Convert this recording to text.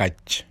Chać.